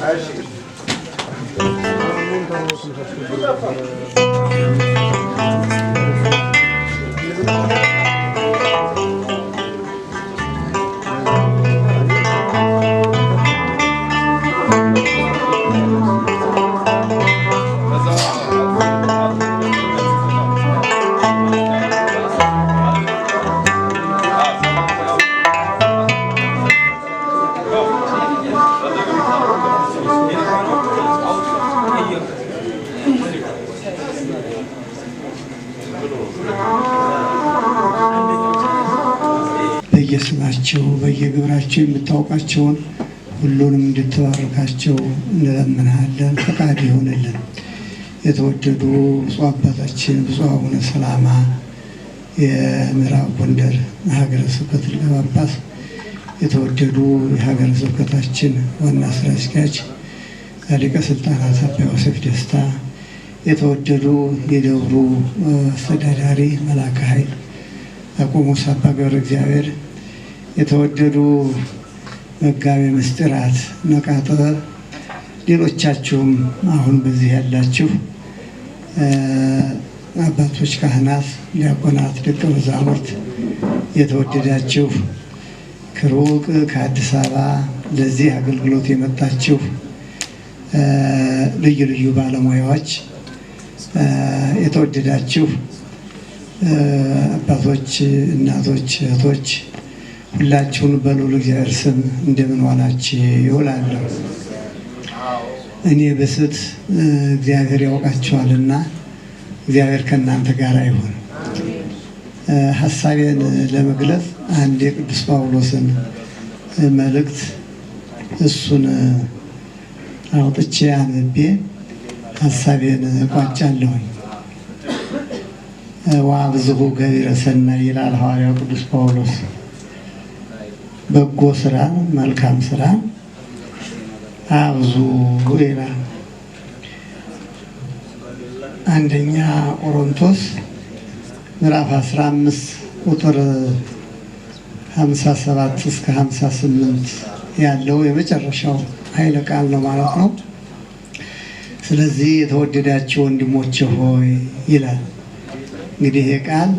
Her şey. በልጆቻቸው የምታውቃቸውን ሁሉንም እንድትባርካቸው እንለምናለን። ፈቃድ ይሆንልን። የተወደዱ ብፁዕ አባታችን ብፁዕ አቡነ ሰላማ የምዕራብ ጎንደር ሀገረ ስብከት ሊቀ ጳጳስ፣ የተወደዱ የሀገረ ስብከታችን ዋና ስራ አስኪያጅ ሊቀ ስልጣናት አባ ዮሴፍ ደስታ፣ የተወደዱ የደብሩ አስተዳዳሪ መላከ ኃይል ቆሞስ አባ ገብረ እግዚአብሔር የተወደዱ መጋቤ ምስጢራት ነቃ ሌሎቻችሁም አሁን በዚህ ያላችሁ አባቶች፣ ካህናት፣ ዲያቆናት፣ ደቀ መዛሙርት የተወደዳችሁ ከሩቅ ከአዲስ አበባ ለዚህ አገልግሎት የመጣችሁ ልዩ ልዩ ባለሙያዎች የተወደዳችሁ አባቶች፣ እናቶች፣ እህቶች ሁላችሁን በልዑል እግዚአብሔር ስም እንደምን ዋላችሁ እላለሁ። እኔ በስት እግዚአብሔር ያውቃችኋልና እግዚአብሔር ከእናንተ ጋር ይሁን። ሀሳቤን ለመግለጽ አንድ የቅዱስ ጳውሎስን መልእክት እሱን አውጥቼ አንብቤ ሀሳቤን እቋጫለሁኝ። ወአብዝሑ ገቢረ ሰናይ ይላል ሐዋርያው ቅዱስ ጳውሎስ በጎ ስራ መልካም ስራ አብዙ ይላል። አንደኛ ቆሮንቶስ ምዕራፍ 15 ቁጥር 57 እስከ 58 ያለው የመጨረሻው ኃይለ ቃል ነው ማለት ነው። ስለዚህ የተወደዳቸው ወንድሞች ሆይ ይላል። እንግዲህ ይህ ቃል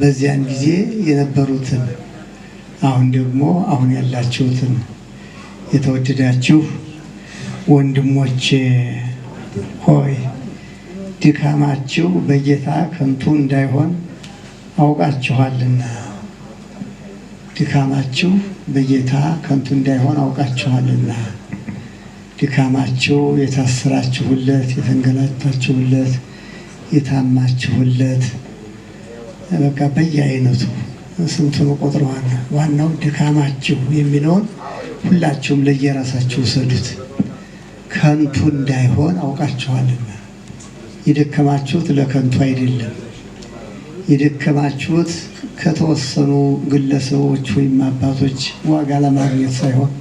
በዚያን ጊዜ የነበሩትን አሁን ደግሞ አሁን ያላችሁትን የተወደዳችሁ ወንድሞቼ ሆይ ድካማችሁ በጌታ ከንቱ እንዳይሆን አውቃችኋልና ድካማችሁ በጌታ ከንቱ እንዳይሆን አውቃችኋልና ድካማችሁ የታሰራችሁለት፣ የተንገላታችሁለት፣ የታማችሁለት በቃ በየአይነቱ ስንቱን ቆጥረዋል። ዋናው ድካማችሁ የሚለውን ሁላችሁም ለየራሳችሁ ውሰዱት፣ ከንቱ እንዳይሆን አውቃችኋልና። የደከማችሁት ለከንቱ አይደለም። የደከማችሁት ከተወሰኑ ግለሰቦች ወይም አባቶች ዋጋ ለማግኘት ሳይሆን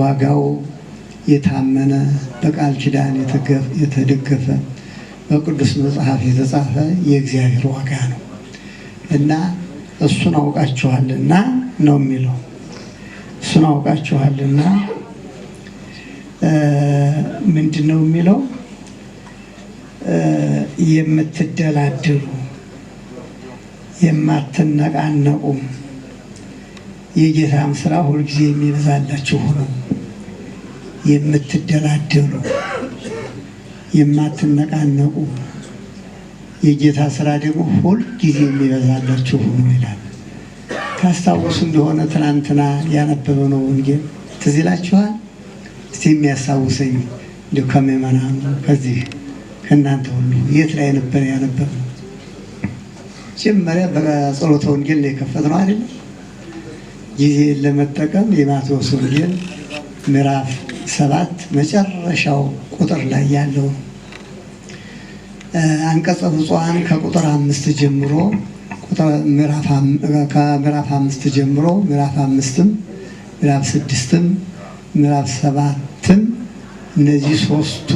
ዋጋው የታመነ በቃል ኪዳን የተደገፈ በቅዱስ መጽሐፍ የተጻፈ የእግዚአብሔር ዋጋ ነው እና እሱን አውቃችኋልና ነው የሚለው። እሱን አውቃችኋልና ምንድን ነው የሚለው? የምትደላድሉ የማትነቃነቁ የጌታም ስራ ሁልጊዜ የሚበዛላችሁ ነው። የምትደላደሉ የማትነቃነቁ የጌታ ስራ ደግሞ ሁል ጊዜ የሚበዛላችሁ ሆኖ ይላል። ታስታውሱ እንደሆነ ትናንትና ያነበበ ነው ወንጌል ትዝ ይላችኋል። እስቲ የሚያስታውሰኝ እንዲ ከምዕመናኑ ከዚህ ከእናንተ ሁሉ የት ላይ ነበር ያነበብ ነው? መጀመሪያ በጸሎተ ወንጌል ነው የከፈትነው አይደለም። ጊዜ ለመጠቀም የማቴዎስ ወንጌል ምዕራፍ ሰባት መጨረሻው ቁጥር ላይ ያለው ነው አንቀጸ ብፁዓን ከቁጥር አምስት ጀምሮ ከምዕራፍ አምስት ጀምሮ ምዕራፍ አምስትም ምዕራፍ ስድስትም ምዕራፍ ሰባትም እነዚህ ሶስቱ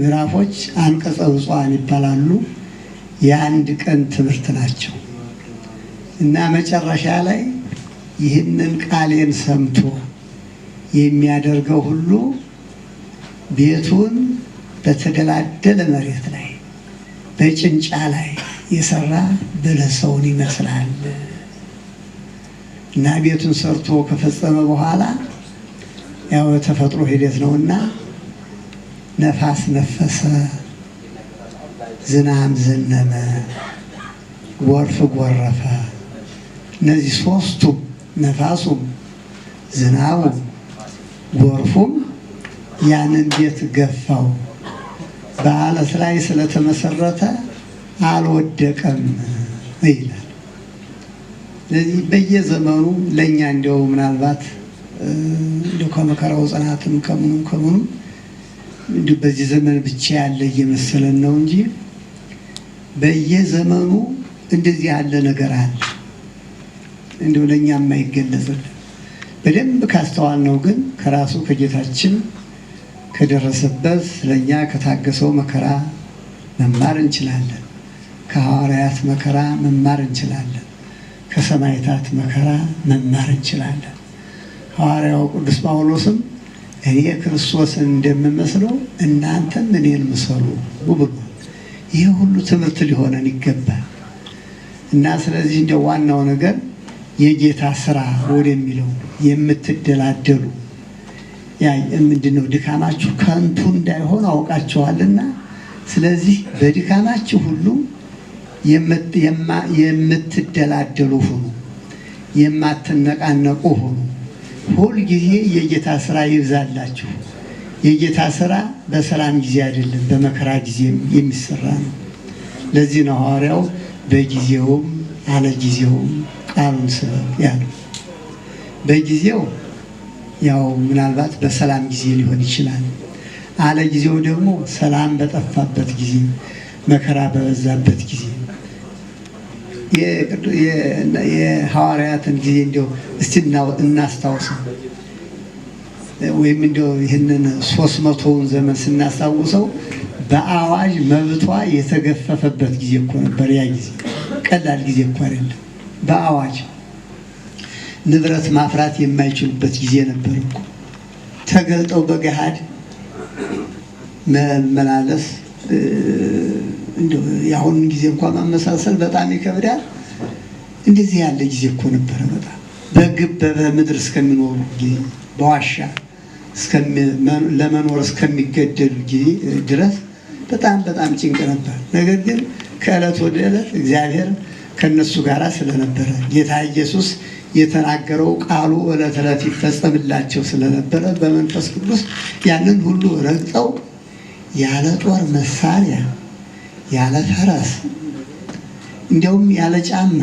ምዕራፎች አንቀጸ ብፁዓን ይባላሉ። የአንድ ቀን ትምህርት ናቸው እና መጨረሻ ላይ ይህንን ቃሌን ሰምቶ የሚያደርገው ሁሉ ቤቱን በተደላደለ መሬት ላይ በጭንጫ ላይ የሰራ በለሰውን ይመስላል እና ቤቱን ሰርቶ ከፈጸመ በኋላ ያው ተፈጥሮ ሂደት እና ነፋስ ነፈሰ፣ ዝናም ዘነበ፣ ጎርፍ ጎረፈ። እነዚህ ሶስቱም ነፋሱም፣ ዝናቡም፣ ጎርፉም ያንን ቤት ገፋው። በአለት ላይ ስለተመሰረተ አልወደቀም ይላል። ስለዚህ በየዘመኑ ለእኛ እንዲያው ምናልባት እንዲያው ከመከራው ጽናትም ከምኑም ከምኑም እንዲ በዚህ ዘመን ብቻ ያለ እየመሰለን ነው እንጂ በየዘመኑ እንደዚህ ያለ ነገር አለ እንዲሁ ለእኛ የማይገለጽልን በደንብ ካስተዋል ነው ግን ከራሱ ከጌታችን ከደረሰበት ለእኛ ከታገሰው መከራ መማር እንችላለን። ከሐዋርያት መከራ መማር እንችላለን። ከሰማይታት መከራ መማር እንችላለን። ሐዋርያው ቅዱስ ጳውሎስም እኔ ክርስቶስን እንደምመስለው እናንተም እኔን ምሰሉ ብሎ ይህ ሁሉ ትምህርት ሊሆነን ይገባል እና ስለዚህ እንደ ዋናው ነገር የጌታ ስራ ወደሚለው የምትደላደሉ ምንድነው ድካማችሁ ከንቱ እንዳይሆን አውቃችኋልና፣ ስለዚህ በድካማችሁ ሁሉ የምትደላደሉ ሁኑ፣ የማትነቃነቁ ሁኑ። ሁልጊዜ የጌታ ስራ ይብዛላችሁ። የጌታ ስራ በሰላም ጊዜ አይደለም፣ በመከራ ጊዜ የሚሰራ ነው። ለዚህ ነው ሐዋርያው በጊዜውም አለ ጊዜውም ቃሉን ስበብ ያሉ በጊዜው ያው ምናልባት በሰላም ጊዜ ሊሆን ይችላል። አለ ጊዜው ደግሞ ሰላም በጠፋበት ጊዜ፣ መከራ በበዛበት ጊዜ የሐዋርያትን ጊዜ እንዲያው እስቲ እናስታውሰው ወይም እንዲያው ይህንን ሶስት መቶውን ዘመን ስናስታውሰው በአዋጅ መብቷ የተገፈፈበት ጊዜ እኮ ነበር። ያ ጊዜ ቀላል ጊዜ እኮ አይደለም በአዋጅ ንብረት ማፍራት የማይችሉበት ጊዜ ነበር እኮ ተገልጠው በገሃድ መመላለስ የአሁኑን ጊዜ እንኳ ማመሳሰል በጣም ይከብዳል። እንደዚህ ያለ ጊዜ እኮ ነበረ። በጣም በግብ በምድር እስከሚኖሩ ጊዜ በዋሻ ለመኖር እስከሚገደሉ ጊዜ ድረስ በጣም በጣም ጭንቅ ነበር። ነገር ግን ከእለት ወደ እለት እግዚአብሔር ከእነሱ ጋር ስለነበረ ጌታ ኢየሱስ የተናገረው ቃሉ ዕለት ዕለት ይፈጸምላቸው ስለነበረ በመንፈስ ቅዱስ ያንን ሁሉ ረግጠው ያለ ጦር መሳሪያ፣ ያለ ፈረስ፣ እንዲያውም ያለ ጫማ፣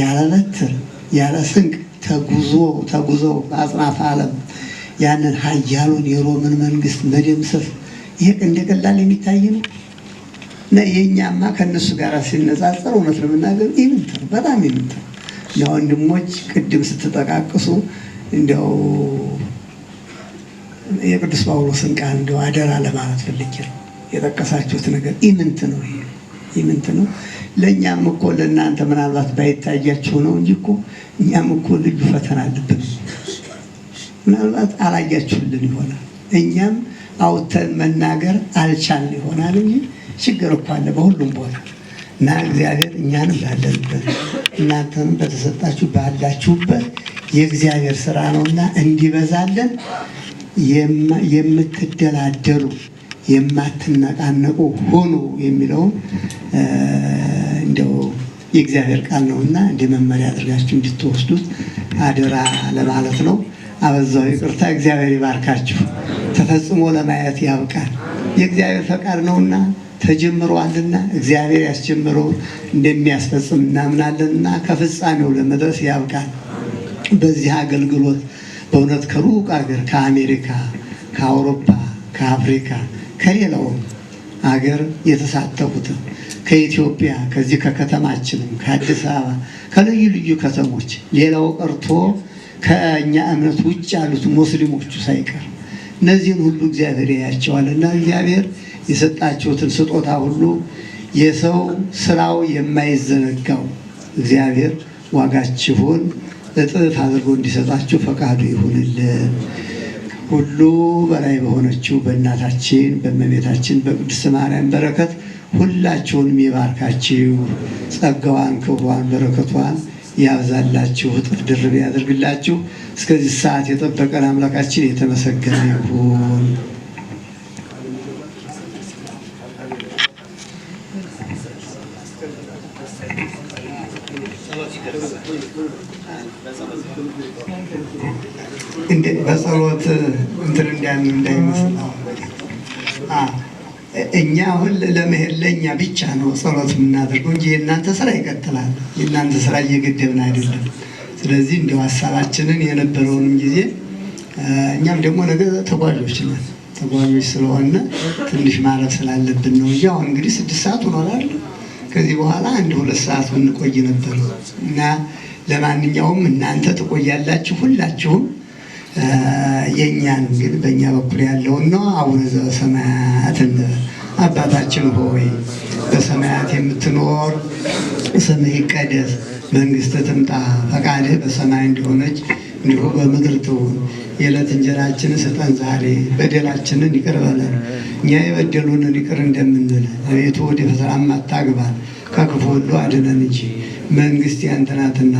ያለ በትር፣ ያለ ስንቅ ተጉዞ ተጉዘው በአጽናፈ ዓለም ያንን ኃያሉን የሮምን መንግስት መደምሰስ ይህ እንደ ቀላል የሚታይ ነው። እና የእኛማ ከእነሱ ጋር ሲነጻጸር እውነት ለመናገር ይምንትር በጣም ይምንትር እና ወንድሞች ቅድም ስትጠቃቅሱ እንደው የቅዱስ ጳውሎስን ቃል እንደው አደራ ለማለት ፈልጌ ነው የጠቀሳችሁት ነገር ኢምንት ነው። ይሄ ኢምንት ነው። ለእኛም እኮ ለእናንተ ምናልባት ባይታያችሁ ነው እንጂ እኮ እኛም እኮ ልዩ ፈተና አለብን። ምናልባት አላያችሁልን ይሆናል። እኛም አውተን መናገር አልቻልን ይሆናል እንጂ ችግር እኮ አለ በሁሉም ቦታ እና እግዚአብሔር እኛንም ባለንበት እናንተንም በተሰጣችሁ ባላችሁበት የእግዚአብሔር ስራ ነው እና እንዲበዛለን የምትደላደሉ የማትነቃነቁ ሆኖ የሚለውን እንደው የእግዚአብሔር ቃል ነው እና እንደ መመሪያ አድርጋችሁ እንድትወስዱት አደራ ለማለት ነው። አበዛው ይቅርታ። እግዚአብሔር ይባርካችሁ። ተፈጽሞ ለማየት ያብቃል። የእግዚአብሔር ፈቃድ ነውና ተጀምሯልና እግዚአብሔር ያስጀምረው እንደሚያስፈጽም እናምናለንና ከፍጻሜው ለመድረስ ያብቃል። በዚህ አገልግሎት በእውነት ከሩቅ ሀገር ከአሜሪካ፣ ከአውሮፓ፣ ከአፍሪካ ከሌላውም አገር የተሳተፉትም ከኢትዮጵያ ከዚህ ከከተማችንም ከአዲስ አበባ ከልዩ ልዩ ከተሞች ሌላው ቀርቶ ከእኛ እምነት ውጭ ያሉት ሙስሊሞቹ ሳይቀር እነዚህን ሁሉ እግዚአብሔር ያያቸዋልና እግዚአብሔር የሰጣችሁትን ስጦታ ሁሉ የሰው ስራው የማይዘነጋው እግዚአብሔር ዋጋችሁን እጥፍ አድርጎ እንዲሰጣችሁ ፈቃዱ ይሁንልን። ሁሉ በላይ በሆነችው በእናታችን በእመቤታችን በቅድስት ማርያም በረከት ሁላችሁንም የባርካችሁ፣ ጸጋዋን፣ ክብሯን፣ በረከቷን ያብዛላችሁ፣ እጥፍ ድርብ ያደርግላችሁ። እስከዚህ ሰዓት የጠበቀን አምላካችን የተመሰገነ ይሁን። እንዴት በጸሎት እንትን እንዳን እንዳይመስል እኛ አሁን ለመሄድ ለእኛ ብቻ ነው ጸሎት የምናደርገው እንጂ የእናንተ ስራ ይቀጥላል። የእናንተ ስራ እየገደብን አይደለም። ስለዚህ እንዲያው ሀሳባችንን የነበረውንም ጊዜ እኛም ደግሞ ነገ ተጓዦች ነን። ተጓዦች ስለሆነ ትንሽ ማረፍ ስላለብን ነው እንጂ አሁን እንግዲህ ስድስት ሰዓት ሆኗል። ከዚህ በኋላ አንድ ሁለት ሰዓት ብንቆይ ነበር እና ለማንኛውም እናንተ ትቆያላችሁ ሁላችሁም። የእኛን ግን በእኛ በኩል ያለውን ነው። አቡነ ዘበሰማያትን አባታችን ሆይ በሰማያት የምትኖር ስምህ ይቀደስ፣ መንግስት ትምጣ፣ ፈቃድህ በሰማይ እንደሆነች እንዲሁ በምድር ትሁን የዕለት እንጀራችንን ስጠን ዛሬ፣ በደላችንን ይቅር በለን እኛ የበደሉንን ይቅር እንደምንል፣ አቤቱ ወደ ፈተናም አታግባን ከክፉ ሁሉ አድነን እንጂ መንግስት ያንተ ናትና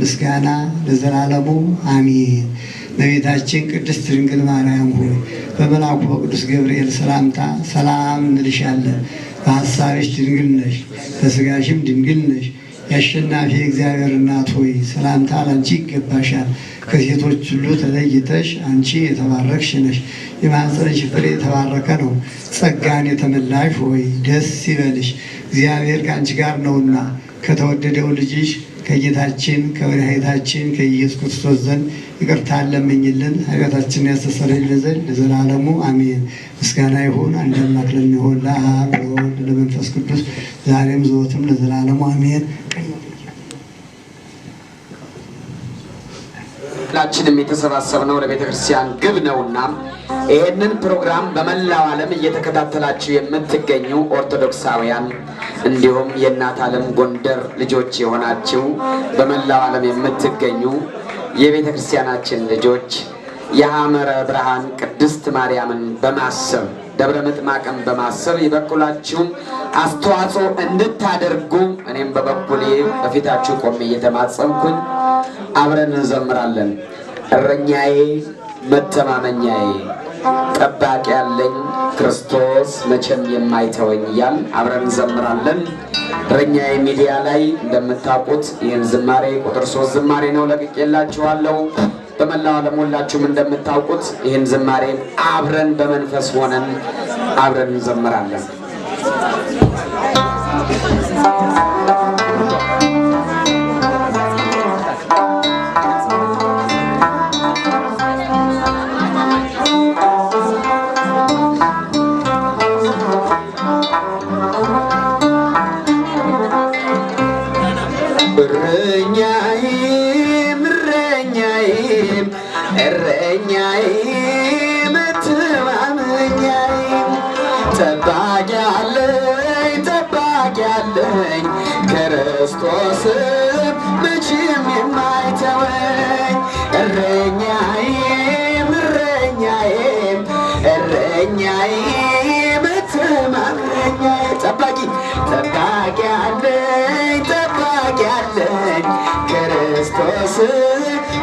ምስጋና ለዘላለሙ አሜን። በቤታችን ቅድስት ድንግል ማርያም ሆይ በመልአኩ በቅዱስ ገብርኤል ሰላምታ ሰላም እንልሻለን። በሀሳብሽ ድንግል ነሽ፣ በስጋሽም ድንግል ነሽ የአሸናፊ እግዚአብሔር እናት ሆይ ሰላምታ ላንቺ ይገባሻል። ከሴቶች ሁሉ ተለይተሽ አንቺ የተባረክሽ ነሽ፣ የማኅፀንሽ ፍሬ የተባረከ ነው። ጸጋን የተመላሽ ሆይ ደስ ይበልሽ፣ እግዚአብሔር ከአንቺ ጋር ነውና ከተወደደው ልጅሽ ከጌታችን ከመድኃኒታችን ከኢየሱስ ክርስቶስ ዘንድ ይቅርታ ለምኝልን ኃጢአታችንን ያስተሰርይልን ዘንድ ለዘላለሙ አሜን። ምስጋና ይሁን አንድ አምላክ ለሚሆን ለአብ ለወልድ ለመንፈስ ቅዱስ ዛሬም ዘወትም ለዘላለሙ አሜን። ሁላችንም የተሰባሰብነው ለቤተ ክርስቲያን ግብ ነውና ይህንን ፕሮግራም በመላው ዓለም እየተከታተላችሁ የምትገኙ ኦርቶዶክሳውያን እንዲሁም የእናት ዓለም ጎንደር ልጆች የሆናችሁ በመላው ዓለም የምትገኙ የቤተ ክርስቲያናችን ልጆች የሐመረ ብርሃን ቅድስት ማርያምን በማሰብ ደብረ ምጥማቅን በማሰብ የበኩላችሁን አስተዋጽኦ እንድታደርጉ እኔም በበኩሌ በፊታችሁ ቆሜ እየተማጸንኩኝ አብረን እንዘምራለን። እረኛዬ መተማመኛዬ ጠባቂ ያለኝ ክርስቶስ መቼም የማይተወኝ እያል አብረን እንዘምራለን። እረኛዬ ሚዲያ ላይ እንደምታውቁት ይህን ዝማሬ ቁጥር ሶስት ዝማሬ ነው ለቅቄላችኋለሁ። በመላው ዓለም ሁላችሁም እንደምታውቁት ይህን ዝማሬ አብረን በመንፈስ ሆነን አብረን እንዘምራለን። እረኛዬም እረኛዬም እረኛዬም መተማመኛዬም ጠባቂ አለኝ ጠባቂ አለኝ ክርስቶስ መቼም የማይተወኝ እረኛዬም እረኛዬም ጠባቂ ጠባቂ አለኝ ክርስቶስ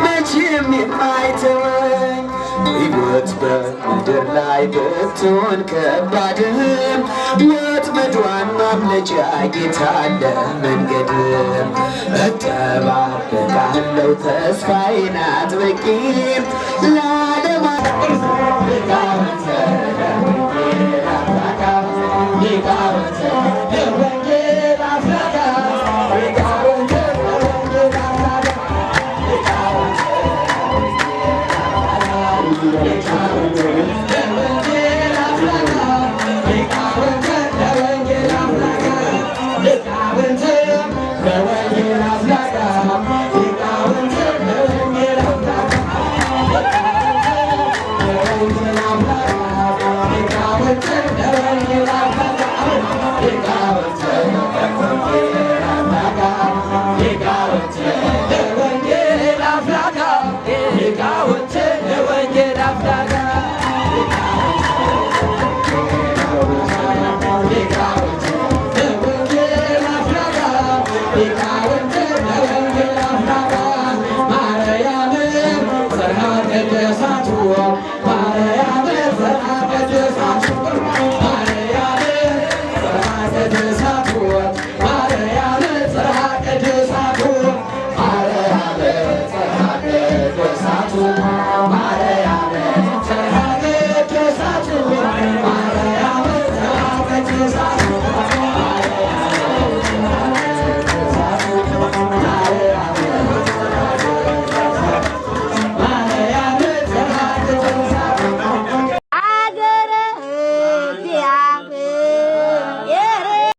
መቼም የሚጣይተወኝ ሕይወት በምድር ላይ ብትሆን ከባድም ወጥመዷን ማምለጫ ጌታ አለ መንገድም እጠባበቃለሁ ተስፋዬን አጥብቄ ላለማ